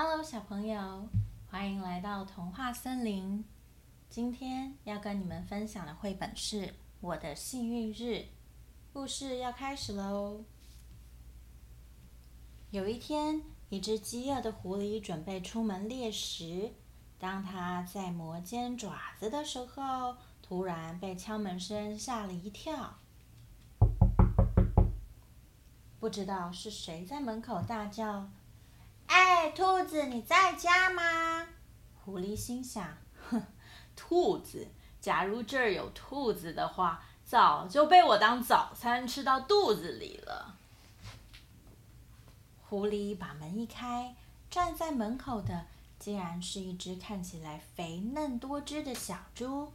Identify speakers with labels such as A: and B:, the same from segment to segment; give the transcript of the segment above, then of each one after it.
A: Hello，小朋友，歡迎來到童話森林。今天要跟你們分享的繪本是《我的幸運日》，故事要開始嘍。有一天，一隻飢餓的狐狸準備出門獵食。當它在磨尖爪子的時候，突然被敲門聲嚇了一跳。不知道是誰在門口大叫。哎，兔子，你在家嗎？狐狸心想：哼，兔子，假如這兒有兔子的話，早就被我當早餐吃到肚子裡了。狐狸把門一開，站在門口的竟然是一只看起來肥嫩多汁的小豬。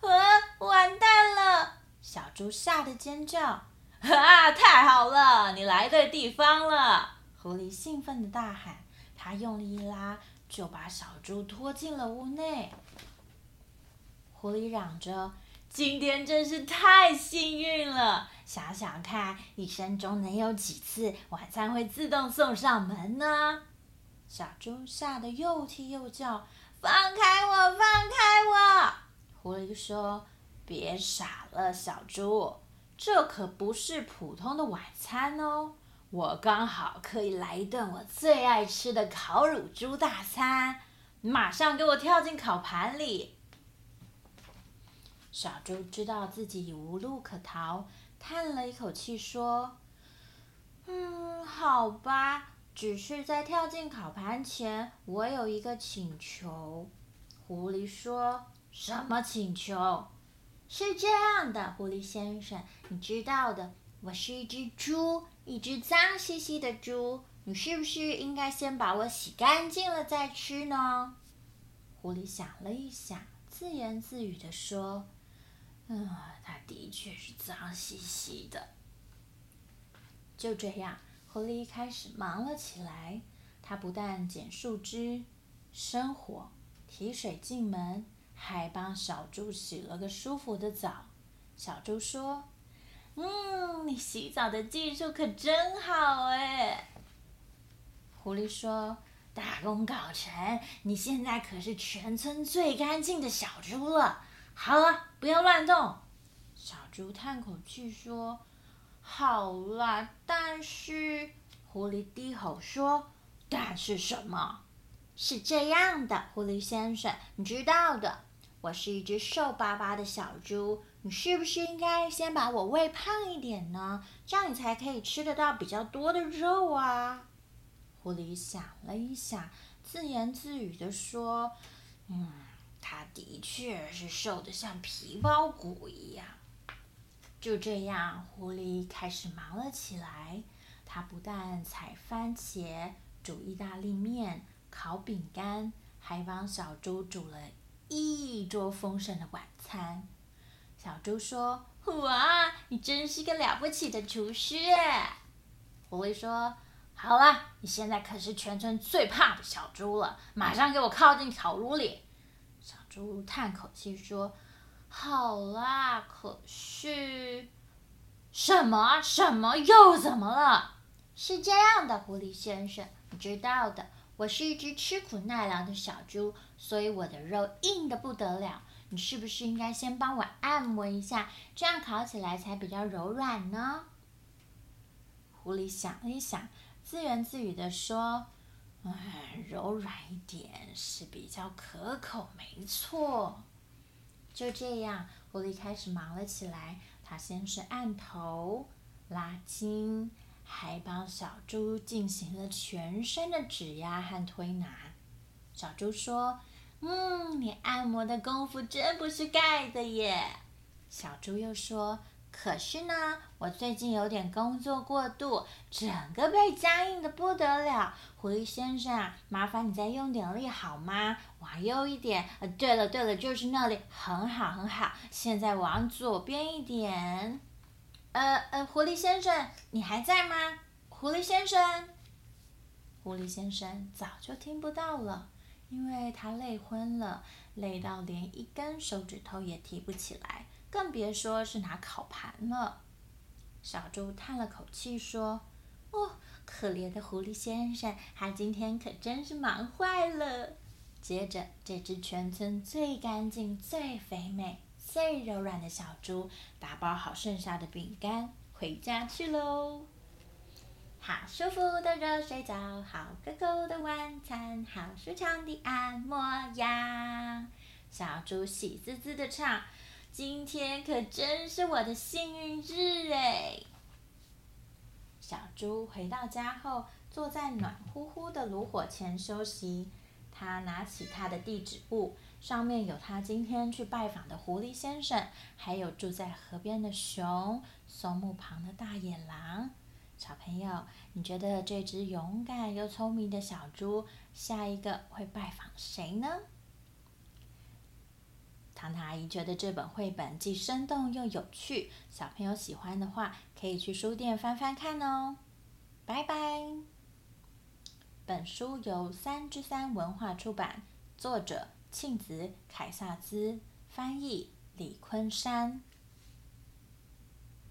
A: 哼、啊，完蛋了！小豬嚇得尖叫。啊！太好了，你來對地方了。狐狸興奮地大喊，他用力一拉，就把小豬拖進了屋內。狐狸嚷着：“今天真是太幸運了！想想看，一生中能有幾次晚餐會自動送上門呢？”小豬嚇得又踢又叫：“放開我！放開我！”狐狸說：“別傻了，小豬，這可不是普通的晚餐哦。”我剛好可以來一頓我最愛吃的烤乳豬大餐，馬上給我跳進烤盤裡！小豬知道自己已無路可逃，嘆了一口氣說：“嗯，好吧。只是在跳進烤盤前，我有一個請求。”狐狸說：“什麼請求？”是這樣的，狐狸先生，你知道的。我是一隻豬，一隻髒兮兮的豬。你是不是應該先把我洗乾淨了再吃呢？狐狸想了一下，自言自語地說：“嗯、呃，它的確是髒兮兮的。”就這樣，狐狸一開始忙了起來。它不但撿樹枝、生火、提水進門，還幫小豬洗了個舒服的澡。小豬說。嗯，你洗澡的技術可真好哎！狐狸說：“大功告成，你現在可是全村最乾淨的小豬了。”好了，不要亂動。小豬嘆口氣說：“好了。”但是，狐狸低吼說：“但是什麼？是這樣的，狐狸先生，你知道的，我是一隻瘦巴巴的小豬。”你是不是應該先把我餵胖一點呢？這樣你才可以吃得到比較多的肉啊！狐狸想了一下，自言自語地說：“嗯，它的確是瘦得像皮包骨一樣。”就這樣，狐狸開始忙了起來。它不但採番茄、煮意大利麵、烤餅乾，還幫小豬煮了一桌豐盛的晚餐。小豬說：“哇，你真是個了不起的廚師啊。”狐狸說：“好啦，你現在可是全村最胖的小豬了，馬上給我靠近烤爐裡。”小豬嘆口氣說：“好啦，可是……什麼？什麼？又怎麼了？是這樣的，狐狸先生，你知道的，我是一隻吃苦耐勞的小豬，所以我的肉硬得不得了。”你是不是應該先幫我按摩一下，這樣烤起來才比較柔軟呢？狐狸想了一想，自言自語地說：“哎、嗯，柔軟一點是比較可口，沒錯。”就這樣，狐狸開始忙了起來。它先是按頭、拉筋，還幫小豬進行了全身的指壓和推拿。小豬說，嗯，你按摩的功夫真不是蓋的耶！小豬又說：“可是呢，我最近有點工作過度，整個背僵硬的不得了。狐狸先生啊，麻煩你再用點力好嗎？往右一點。呃，對了對了，就是那裡，很好很好。現在往左邊一點。呃呃，狐狸先生，你還在嗎？狐狸先生，”狐狸先生早就聽不到了。因為他累昏了，累到連一根手指頭也提不起來，更別說是拿烤盤了。小豬嘆了口氣說：“哦，可憐的狐狸先生，他今天可真是忙壞了。”接着，這只全村最乾淨、最肥美、最柔軟的小豬，打包好剩下的餅乾，回家去嘍。好舒服的熱水澡，好可口的晚餐，好舒暢的按摩呀！小豬喜滋滋的唱：“今天可真是我的幸運日誒！”小豬回到家後，坐在暖乎乎的爐火前休息。他拿起他的地址簿，上面有他今天去拜訪的狐狸先生，還有住在河邊的熊、松木旁的大野狼。小朋友，你覺得這隻勇敢又聰明的小豬，下一個會拜訪誰呢？唐唐阿姨覺得這本繪本既生動又有趣，小朋友喜歡的話，可以去書店翻翻看哦。拜拜。本書由三之三文化出版，作者慶子·凱薩茲，翻譯李坤珊。